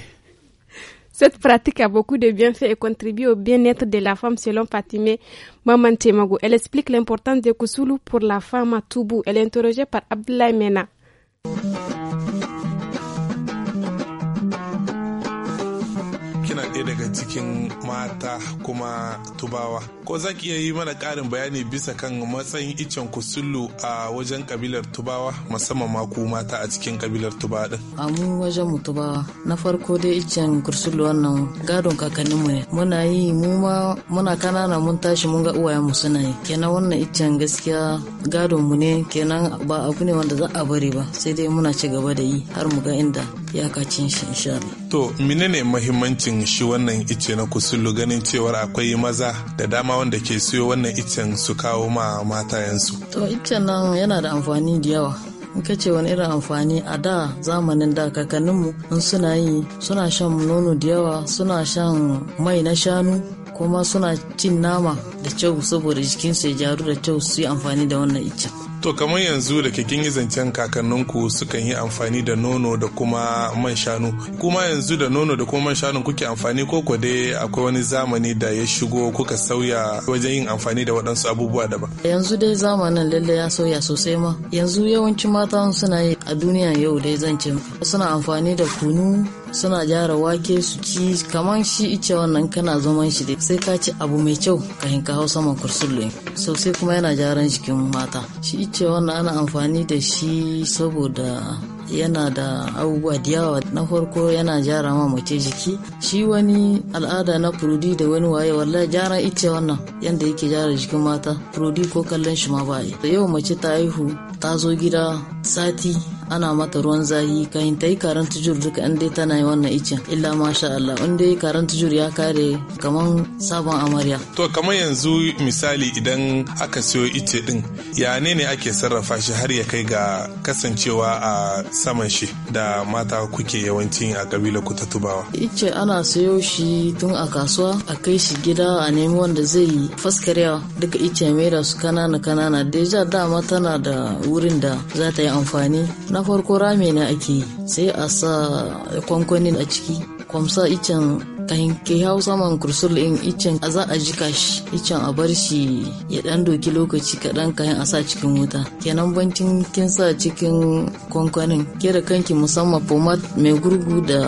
Cette pratique a beaucoup de bienfaits et contribue au bien-être de la femme selon Fatime Mamantemagu Elle explique l'importance de Kusulu pour la femme à Toubou. Elle est interrogée par Abdoulaye Mena. ɗaya daga cikin mata kuma tubawa ko za ki iya yi mana ƙarin bayani bisa kan matsayin icen kusullu a wajen kabilar tubawa musamman ma ku mata a cikin kabilar tubawa din a mu wajen mu tubawa na farko dai icen kusullu wannan gadon mu ne muna yi mu ma muna kanana mun tashi mun ga mu suna yi kenan wannan icen gaskiya gadon mu ne kenan ba abu ne wanda za a bari ba sai dai muna ci gaba da yi har mu ga inda iyakacin shi insha To menene mahimmancin shi wannan ice na kusurlu ganin cewar akwai maza da dama wanda ke siyo wannan icen su kawo ma mata yansu? To icen nan yana da amfani da yawa. in ka ce wani irin amfani a da zamanin da kakanninmu in suna yi suna shan nono da yawa suna shan mai na shanu kuma suna cin nama da kyau saboda jikinsu ya jaru da kyau su yi amfani da wannan iccen To kamar yanzu da kin yi zancen kakanninku sukan yi amfani da nono da kuma man shanu. Kuma yanzu da nono da kuma man shanu kuke amfani ko ko dai akwai wani zamani da ya shigo kuka sauya wajen yin amfani da waɗansu abubuwa ba. Yanzu dai zamanin lalle ya sauya sosai ma. Yanzu yawancin mata suna yi a duniya yau dai zancen suna amfani da kunu suna gyara wake su ci kamar shi ice wannan kana zaman shi dai sai ka ci abu mai kyau ka hinka hau saman kursullo sosai kuma yana gyaran jikin mata shi ce wannan ana amfani da shi saboda yana da abubuwa da yawa na farko yana jara ma mace jiki shi wani al'ada na furudi da wani waye wallahi jara ice wannan yanda yake jara jikin mata furudi ko kallon shi ma ba yau mace ta haihu ta zo gida sati ana mata ruwan zahi kayan ta yi karan duka in dai tana yi wannan icen illa masha Allah in dai karan ya kare kaman sabon amarya. To kamar yanzu misali idan aka siyo ice din ya ne ne ake sarrafa shi har ya kai ga kasancewa a saman shi da mata kuke yawanci a kabila ku ta tubawa. Ice ana siyo shi tun a kasuwa a kai shi gida a nemi wanda zai yi. faskarewa duka ice mai da su kanana kanana ja dama tana da wurin da za ta yi amfani na farko rame ne ake yi sai a sa kwankwanin a ciki kwamsa icen kayan ke hau saman kursul in icen a za a jika shi icen a bar shi ya dan doki lokaci kaɗan kayan a sa cikin wuta kenan bancin kin sa cikin kwankwanin kera kanki musamman pomat mai gurgu da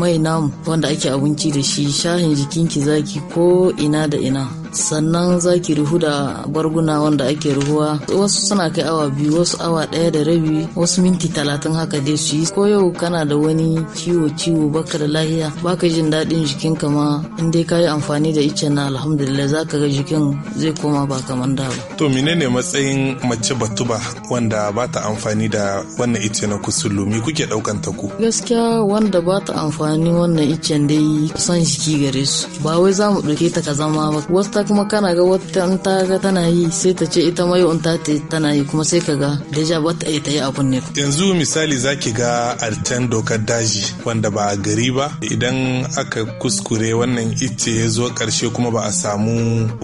mai namu wanda ake abinci da shi shahin jikinki zaki ko ina da ina sannan zaki ruhu da barguna wanda ake ruhuwa wasu suna kai awa biyu wasu awa ɗaya da rabi wasu minti talatin haka dai su yi ko yau kana da wani ciwo ciwo baka da lahiya baka jin daɗin jikin ka ma in dai ka yi amfani da ice na alhamdulillah za ka ga jikin zai koma ba kaman da ba. to menene matsayin mace batuba wanda ba ta amfani da wannan ice na kusulumi kuke ɗaukan ta ku. gaskiya wanda ba ta amfani wannan icen dai son jiki gare su ba wai za mu ɗauke ta ka zama ba kuma kana ga wata ta ga tana yi sai ta ce ita mai ta tana yi kuma sai ka ga deja ba ta yi abun ne yanzu misali zaki ga artan dokar daji wanda ba a gari ba idan aka kuskure wannan ice ya zo karshe kuma ba a samu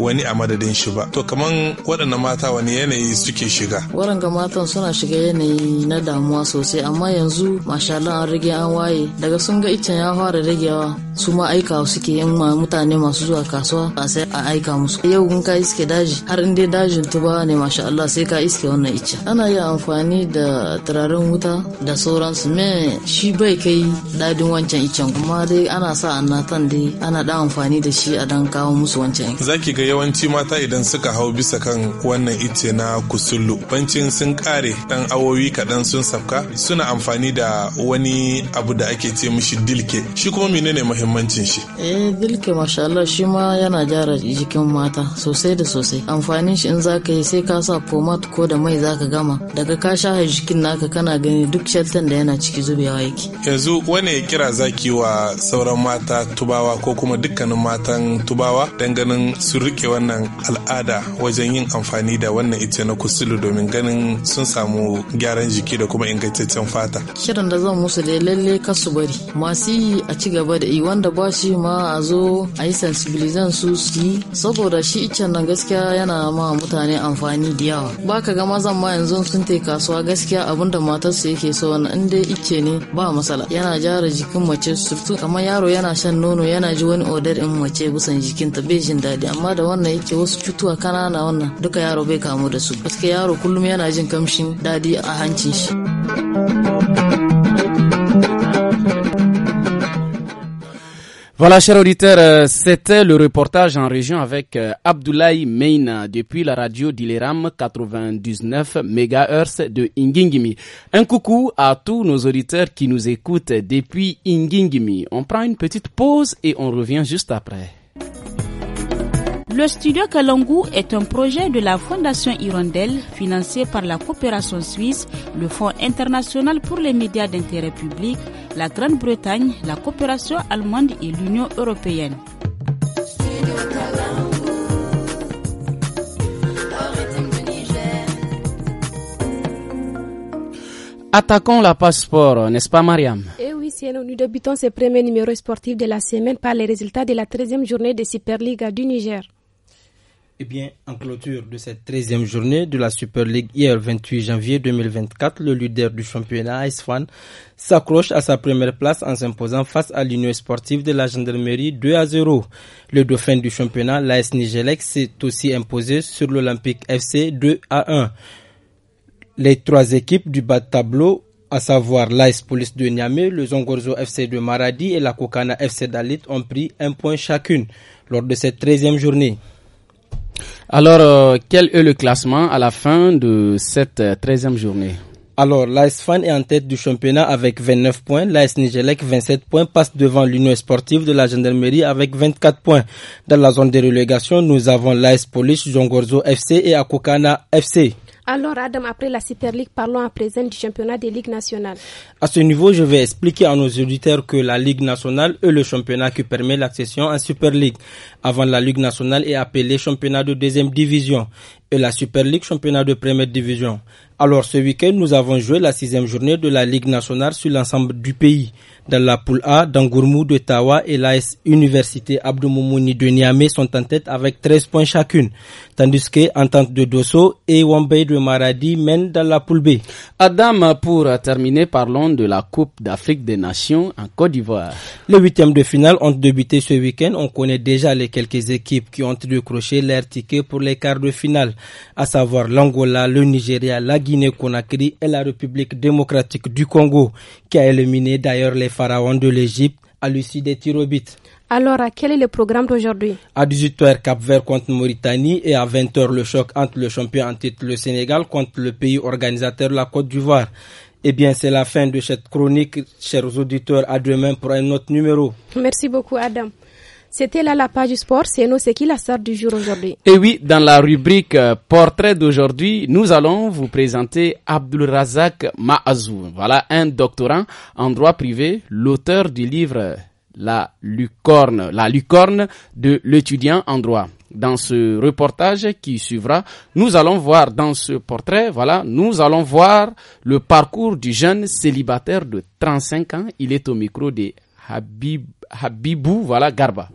wani a madadin shi ba to kaman waɗannan mata wani yanayi suke shiga ga matan suna shiga yanayi na damuwa sosai amma yanzu masha Allah an rage an waye daga sun ga iccen ya fara ragewa su ma aika suke yin mutane masu zuwa kasuwa a sai a aika saka musu yau kun ka iske daji har in dai dajin tuba ne masha Allah sai ka iske wannan icce ana iya amfani da turaren wuta da sauransu me shi bai kai dadin wancan iccen kuma dai ana sa annatan dai ana da amfani da shi a dan kawo musu wancan zaki ga yawanci mata idan suka hau bisa kan wannan icce na kusullu bancin sun kare dan awowi kaɗan sun safka suna amfani da wani abu da ake ce mishi dilke shi kuma menene muhimmancin shi eh dilke masha Allah shi ma yana gyara jiki haƙƙin mata sosai da sosai amfanin shi in za ka yi sai ka sa format ko da mai za ka gama daga ka sha jikin naka kana gani duk shatan da yana ciki zubewa yake yanzu ya kira zaki wa sauran mata tubawa ko kuma dukkanin matan tubawa dan ganin su rike wannan al'ada wajen yin amfani da wannan ice na kusulu domin ganin sun samu gyaran jiki da kuma ingantaccen fata kiran da zan musu da lalle su bari masu yi a ci gaba da yi wanda ba shi ma a zo a yi sensibilizan su su yi saboda shi iccen nan gaskiya yana ma mutane amfani da yawa ka ga mazan ma yanzu sun tai kasuwa gaskiya abinda matar su yake so wannan inda icce ne ba masala yana jara jikin mace surtu amma yaro yana shan nono yana ji wani odar in mace bisan jikinta bai jin daɗi amma da wannan yake wasu cutuwa kanana wannan duka yaro bai kamu da su gaskiya yaro kullum yana jin kamshin daɗi a hancin shi Voilà, chers auditeurs, euh, c'était le reportage en région avec euh, Abdoulaye Meina depuis la radio d'Ileram 99 MHz de Ingingimi. Un coucou à tous nos auditeurs qui nous écoutent depuis Ingingimi. On prend une petite pause et on revient juste après. Le studio Kalangu est un projet de la Fondation Hirondelle financé par la coopération suisse, le Fonds international pour les médias d'intérêt public, la Grande-Bretagne, la coopération allemande et l'Union européenne. Attaquons la passeport, n'est-ce pas Mariam Eh oui, si nous débutons ce premier numéro sportif de la semaine par les résultats de la 13e journée de Superliga du Niger. Eh bien, en clôture de cette 13e journée de la Super League, hier 28 janvier 2024, le leader du championnat, Fan, s'accroche à sa première place en s'imposant face à l'Union sportive de la gendarmerie 2 à 0. Le dauphin du championnat, l'AS Nigelec, s'est aussi imposé sur l'Olympique FC 2 à 1. Les trois équipes du bas de tableau à savoir l'AS Police de Niamey, le Zongorzo FC de Maradi et la Kokana FC d'Alit ont pris un point chacune lors de cette 13e journée. Alors, euh, quel est le classement à la fin de cette 13e euh, journée alors, l'AS Fan est en tête du championnat avec 29 points. L'AS Nigelec, 27 points, passe devant l'Union sportive de la gendarmerie avec 24 points. Dans la zone de relégation, nous avons l'AS Police, Jongorzo FC et Akokana FC. Alors Adam, après la Super League, parlons à présent du championnat des ligues nationales. À ce niveau, je vais expliquer à nos auditeurs que la Ligue nationale est le championnat qui permet l'accession en Super League. Avant la Ligue nationale est appelée championnat de deuxième division et la Super League championnat de première division. Alors ce week-end, nous avons joué la sixième journée de la Ligue nationale sur l'ensemble du pays. Dans la poule A, Dangourmou de Tawa et l'AS Université Abdoumoumouni de Niamey sont en tête avec 13 points chacune, tandis que Entente de Dosso et Wambay de Maradi mènent dans la poule B. Adam, pour terminer, parlons de la Coupe d'Afrique des Nations en Côte d'Ivoire. Les huitièmes de finale ont débuté ce week-end. On connaît déjà les quelques équipes qui ont décroché leur ticket pour les quarts de finale, à savoir l'Angola, le Nigeria, la Guinée-Conakry et la République démocratique du Congo, qui a éliminé d'ailleurs les pharaon de l'Égypte à l'issue des Alors, quel est le programme d'aujourd'hui À 18h, Cap Vert contre Mauritanie et à 20h, le choc entre le champion en titre, le Sénégal, contre le pays organisateur, la Côte d'Ivoire. Eh bien, c'est la fin de cette chronique, chers auditeurs. À demain pour un autre numéro. Merci beaucoup, Adam. C'était là la page sport. C'est nous, c'est qui la star du jour aujourd'hui Et oui, dans la rubrique euh, portrait d'aujourd'hui, nous allons vous présenter Razak Maazou. Voilà un doctorant en droit privé, l'auteur du livre La Lucorne, la Lucorne de l'étudiant en droit. Dans ce reportage qui suivra, nous allons voir dans ce portrait, voilà, nous allons voir le parcours du jeune célibataire de 35 ans. Il est au micro de Habib, Habibou, voilà, Garba.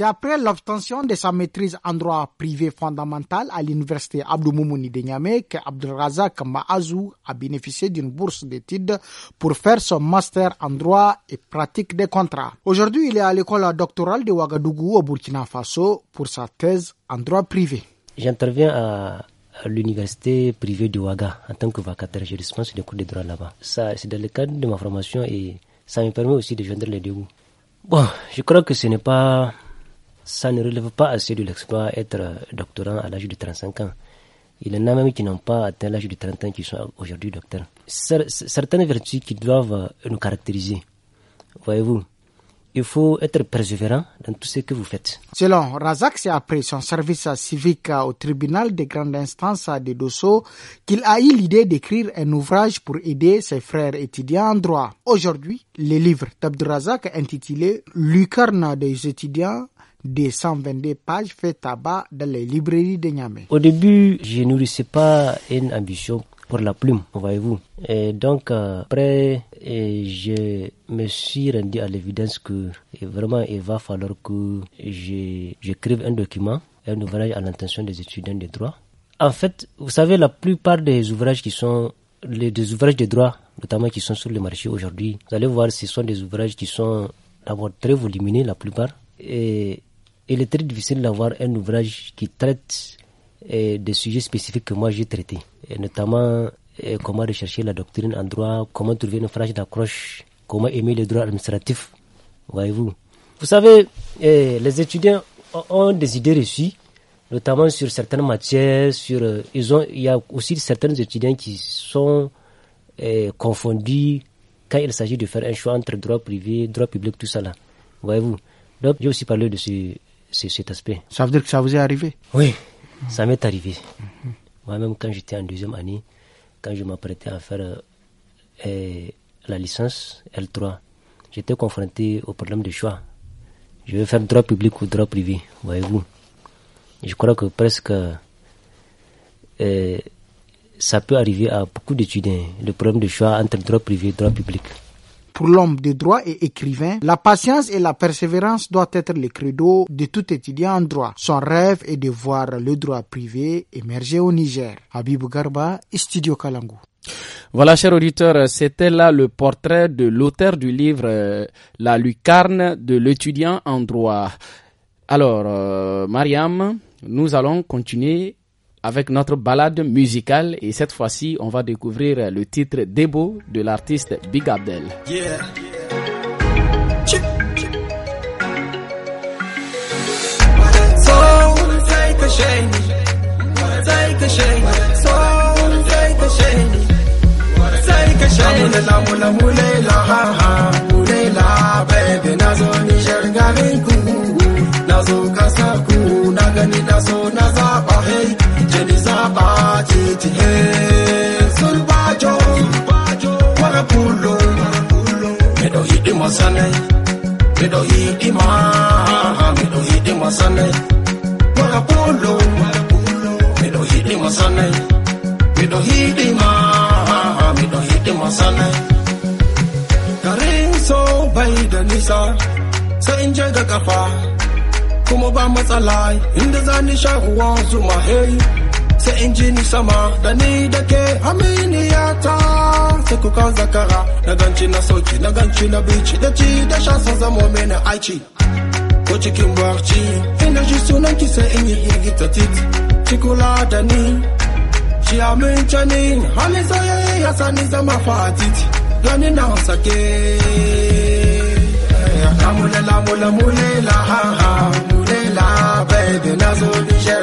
C'est après l'obtention de sa maîtrise en droit privé fondamental à l'université Abdou Moumouni de Niamey que Abdelrazak Maazou a bénéficié d'une bourse d'études pour faire son master en droit et pratique des contrats. Aujourd'hui, il est à l'école doctorale de Ouagadougou au Burkina Faso pour sa thèse en droit privé. J'interviens à l'université privée de Ouaga en tant que vacataire. Je dispense des cours de droit là-bas. Ça, c'est dans le cadre de ma formation et ça me permet aussi de joindre les deux Bon, je crois que ce n'est pas ça ne relève pas assez de l'exploit être doctorant à l'âge de 35 ans. Il y en a même qui n'ont pas atteint l'âge de 30 ans qui sont aujourd'hui docteurs. Certaines vertus qui doivent nous caractériser, voyez-vous, il faut être persévérant dans tout ce que vous faites. Selon Razak, c'est après son service civique au tribunal des grandes instances de Dosso qu'il a eu l'idée d'écrire un ouvrage pour aider ses frères étudiants en droit. Aujourd'hui, le livre Razak intitulé Lucarne des étudiants des 122 pages fait tabac dans les librairies de Niamey. Au début, je nourrissais pas une ambition pour la plume, voyez-vous. Et donc, après, je me suis rendu à l'évidence que vraiment, il va falloir que j'écrive un document, un ouvrage à l'intention des étudiants de droit. En fait, vous savez, la plupart des ouvrages qui sont les, des ouvrages de droit, notamment qui sont sur le marché aujourd'hui, vous allez voir, ce sont des ouvrages qui sont d'abord très volumineux, la plupart, et il est très difficile d'avoir un ouvrage qui traite euh, des sujets spécifiques que moi j'ai traités, et notamment euh, comment rechercher la doctrine en droit, comment trouver une phrase d'accroche, comment aimer le droit administratif, voyez-vous. Vous savez, euh, les étudiants ont des idées reçues, notamment sur certaines matières, sur, ils ont, il y a aussi certains étudiants qui sont confondus quand il s'agit de faire un choix entre droit privé, droit public, tout ça là, voyez-vous. Donc j'ai aussi parlé de ce c'est cet aspect. Ça veut dire que ça vous est arrivé Oui, ça m'est arrivé. Moi-même, quand j'étais en deuxième année, quand je m'apprêtais à faire euh, euh, la licence L3, j'étais confronté au problème de choix. Je vais faire droit public ou droit privé, voyez-vous. Je crois que presque euh, ça peut arriver à beaucoup d'étudiants, le problème de choix entre droit privé et droit public. Pour l'homme de droit et écrivain, la patience et la persévérance doivent être les credo de tout étudiant en droit. Son rêve est de voir le droit privé émerger au Niger. Habib Garba, Studio Kalangu. Voilà, chers auditeurs, c'était là le portrait de l'auteur du livre euh, La lucarne de l'étudiant en droit. Alors, euh, Mariam, nous allons continuer avec notre balade musicale et cette fois-ci on va découvrir le titre Debo de l'artiste Big Abdel. ni zaba ce tihe sun bajo wara kullo me do hidima sanai me do hidima me do hidima sanai wara kullo me do hidima sanai me do hidima me do hidima sanai garin so bai da nisa sai in hey sai injini sama da ni da ke aminiyata sai ku kan zakara na ganchi na sochi na ganchi na bichi da ci da sha sun zamo mini aici ko cikin barci na ji sunan ki sai in yi hirgita tit ki kula da ni ki amince ni halin soyayya ya sani gani na sake Amule la mule mule la ha ha mule la baby na zo ni shar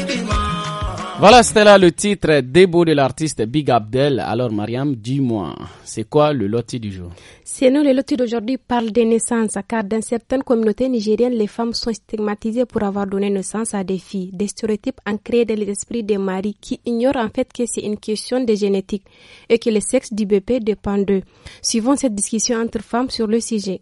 Voilà, c'était là le titre débo de l'artiste Big Abdel. Alors, Mariam, dis-moi, c'est quoi le loti du jour C'est nous, le loti d'aujourd'hui parle des naissances, car dans certaines communautés nigériennes, les femmes sont stigmatisées pour avoir donné naissance à des filles. Des stéréotypes ancrés dans l'esprit des maris qui ignorent en fait que c'est une question de génétique et que le sexe du bébé dépend d'eux. Suivons cette discussion entre femmes sur le sujet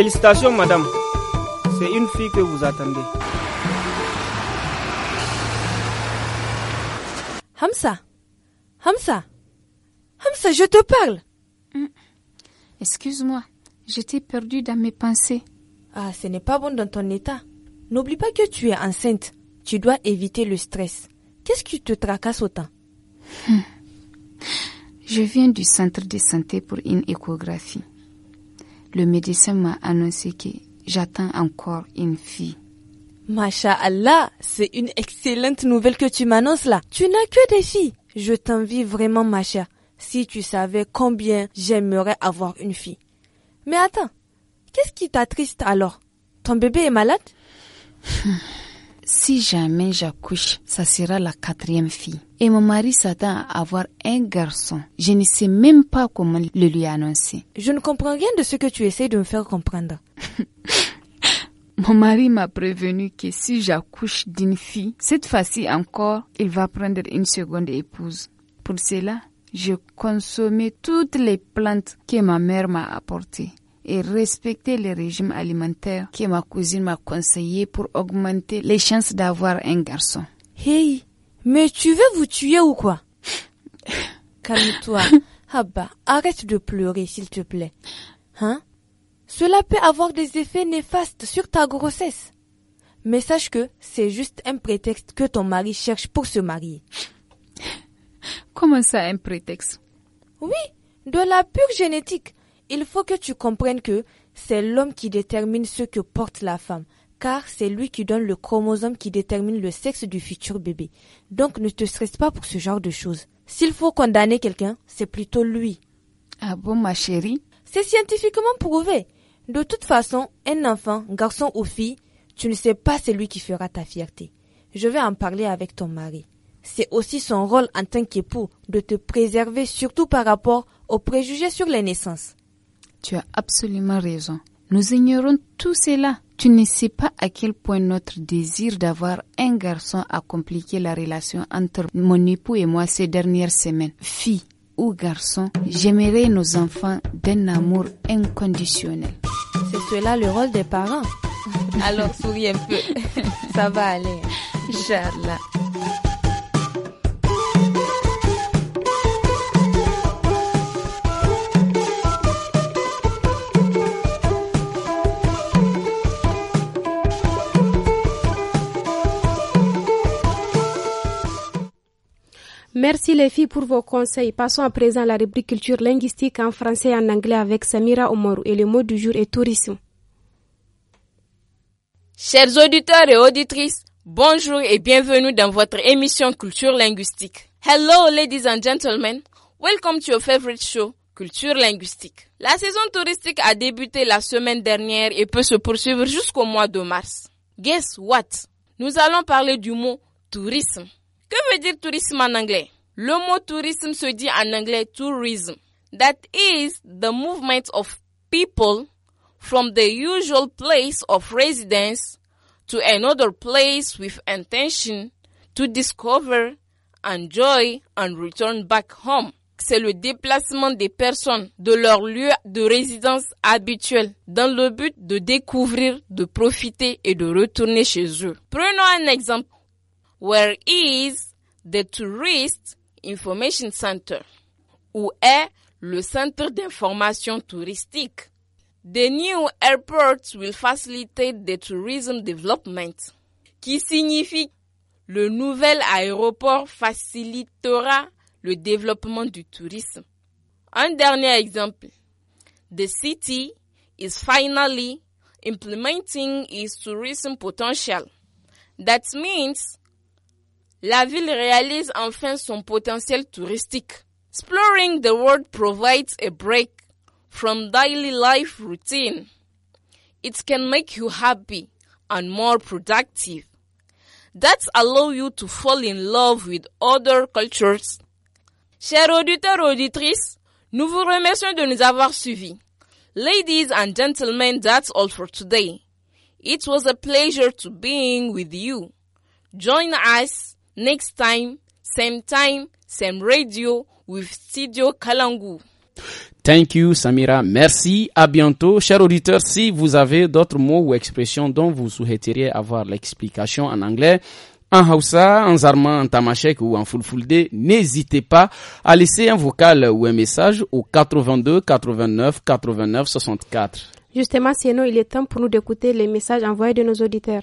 Félicitations, madame. C'est une fille que vous attendez. Hamza. Hamza. Hamza, je te parle. Hum. Excuse-moi, j'étais perdue dans mes pensées. Ah, ce n'est pas bon dans ton état. N'oublie pas que tu es enceinte. Tu dois éviter le stress. Qu'est-ce qui te tracasse autant hum. Je viens du centre de santé pour une échographie le médecin m'a annoncé que j'attends encore une fille. Allah, c'est une excellente nouvelle que tu m'annonces là. Tu n'as que des filles. Je t'envie vraiment, Masha. Si tu savais combien j'aimerais avoir une fille. Mais attends, qu'est-ce qui t'attriste alors Ton bébé est malade <laughs> si jamais j'accouche, ça sera la quatrième fille. Et mon mari s'attend à avoir un garçon. Je ne sais même pas comment le lui annoncer. Je ne comprends rien de ce que tu essaies de me faire comprendre. <laughs> Mon mari m'a prévenu que si j'accouche d'une fille, cette fois-ci encore, il va prendre une seconde épouse. Pour cela, je consommais toutes les plantes que ma mère m'a apportées et respecter le régime alimentaire que ma cousine m'a conseillé pour augmenter les chances d'avoir un garçon. Hey, mais tu veux vous tuer ou quoi <laughs> Calme-toi. Abba, arrête de pleurer, s'il te plaît. Hein Cela peut avoir des effets néfastes sur ta grossesse. Mais sache que c'est juste un prétexte que ton mari cherche pour se marier. Comment ça, un prétexte Oui, de la pure génétique. Il faut que tu comprennes que c'est l'homme qui détermine ce que porte la femme, car c'est lui qui donne le chromosome qui détermine le sexe du futur bébé. Donc ne te stresse pas pour ce genre de choses. S'il faut condamner quelqu'un, c'est plutôt lui. Ah bon, ma chérie C'est scientifiquement prouvé. De toute façon, un enfant, garçon ou fille, tu ne sais pas c'est lui qui fera ta fierté. Je vais en parler avec ton mari. C'est aussi son rôle en tant qu'époux de te préserver surtout par rapport aux préjugés sur les naissances. Tu as absolument raison. Nous ignorons tout cela. Tu ne sais pas à quel point notre désir d'avoir un garçon a compliqué la relation entre mon époux et moi ces dernières semaines. Fille ou garçon, j'aimerais nos enfants d'un amour inconditionnel. C'est cela le rôle des parents. <laughs> Alors souris un peu. Ça va aller. Inch'Allah. Merci les filles pour vos conseils. Passons à présent à la rubrique culture linguistique en français et en anglais avec Samira Omaru et le mot du jour est tourisme. Chers auditeurs et auditrices, bonjour et bienvenue dans votre émission culture linguistique. Hello ladies and gentlemen, welcome to your favorite show, culture linguistique. La saison touristique a débuté la semaine dernière et peut se poursuivre jusqu'au mois de mars. Guess what? Nous allons parler du mot tourisme. Que veut dire tourisme en anglais le mot tourisme se dit en anglais tourism. That is the movement of people from the usual place of residence to another place with intention to discover, enjoy and return back home. C'est le déplacement des personnes de leur lieu de résidence habituel dans le but de découvrir, de profiter et de retourner chez eux. Prenons un exemple. Where is the tourist Information Center, ou est le centre d'information touristique. The new airport will facilitate the tourism development, qui signifie le nouvel aéroport facilitera le développement du tourisme. Un dernier exemple. The city is finally implementing its tourism potential. That means la ville réalise enfin son potentiel touristique. Exploring the world provides a break from daily life routine. It can make you happy and more productive. That allow you to fall in love with other cultures. Chers auditeurs auditrices, nous vous remercions de nous avoir suivis. Ladies and gentlemen, that's all for today. It was a pleasure to being with you. Join us next time, same time, same radio with Studio Kalangu. Thank you, Samira. Merci. À bientôt. Chers auditeurs, si vous avez d'autres mots ou expressions dont vous souhaiteriez avoir l'explication en anglais, en Hausa, en Zarma, en Tamashek ou en Fulfulde, n'hésitez pas à laisser un vocal ou un message au 82 89 89 64. Justement, sinon, il est temps pour nous d'écouter les messages envoyés de nos auditeurs.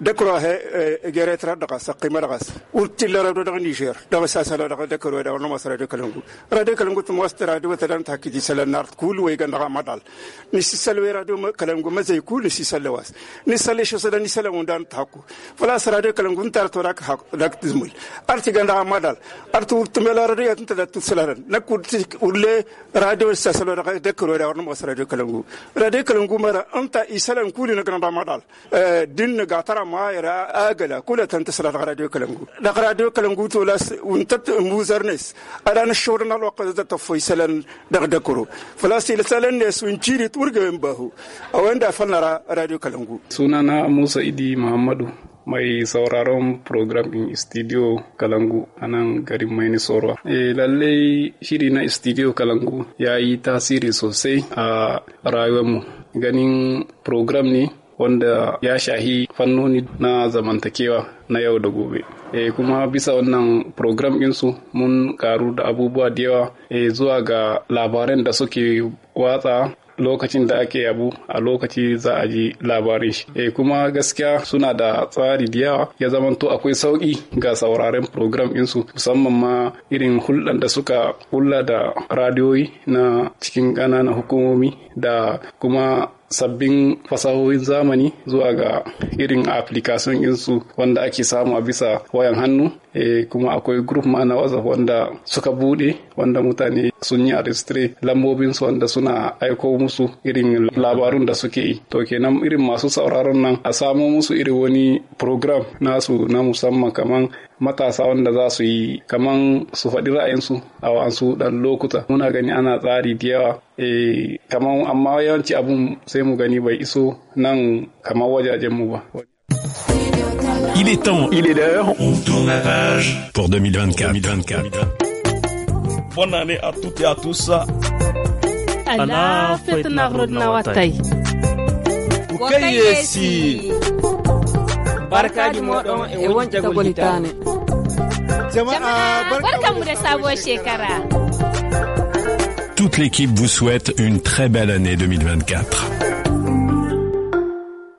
دكرو هي جريت را دقا سقيمه دقاس وتل را دقا نيجر دقا ساسلا دقا دكرو دا نو مسرا دكا لنغو را دكا لنغو تموستر ادو تدان تاكيدي سلا نار كول وي غندا مدال نسي سلوي را دو كلنغو مزي كول نسي سلواس نسالي شو سدا نسلا وندان تاكو فلا سرا دكا لنغو تار توراك حق دك تزمل ارتي غندا مدال ارتو تملا را دي انت دت سلارن نكو ول را دو ساسلا دقا دكرو دا نو مسرا دكا لنغو را دكا لنغو مرا انت يسلن كول نغندا مدال دين غاترا ma ira agala kula tan tasra da radio kalangu da radio kalangu to la un muzarnes muzarnes aran shorna lo qad ta foi da da koro falasi la salan ne sun ciri turga bahu a wanda fanara radio kalangu sunana Musa Idi Muhammadu mai sauraron program in studio kalangu a nan garin maini sorwa e, lallai shiri na studio kalangu ya yi tasiri sosai a rayuwarmu ganin program ne wanda ya shahi fannoni na zamantakewa na yau da gobe. E, kuma bisa wannan program ɗinsu mun karu da abubuwa da yawa e, zuwa ga labaran da suke watsa lokacin da ake yabu a lokaci za a ji labarin shi e, kuma gaskiya suna da tsari da yawa ya zamanto akwai sauƙi ga sauraren program ɗinsu musamman ma irin hulɗan da suka hulla da radiyoyi na cikin ƙananan hukumomi da kuma sabbin fasahohin zamani zuwa ga irin application insu wanda ake samu a bisa wayan hannu e, kuma akwai group ma na whatsapp wanda suka bude wanda mutane sun yi a lambobinsu wanda suna aiko musu irin labarun da suke yi to kenan irin masu sauraron nan a samo musu irin wani program nasu na musamman kaman matasa wanda za su yi kaman su faɗi ra'ayinsu a wasu ɗan lokuta muna gani ana tsari da yawa e amma abun sai gani bai iso nan Il est temps, il est l'heure, on tourne pour 2024. Bonne année à toutes et à tous. Allah fitna rodna watay. Barka modon e wonta e golitane. Jama'a barkamu da sabuwar shekara toute l'équipe vous souhaite une très belle année 2024.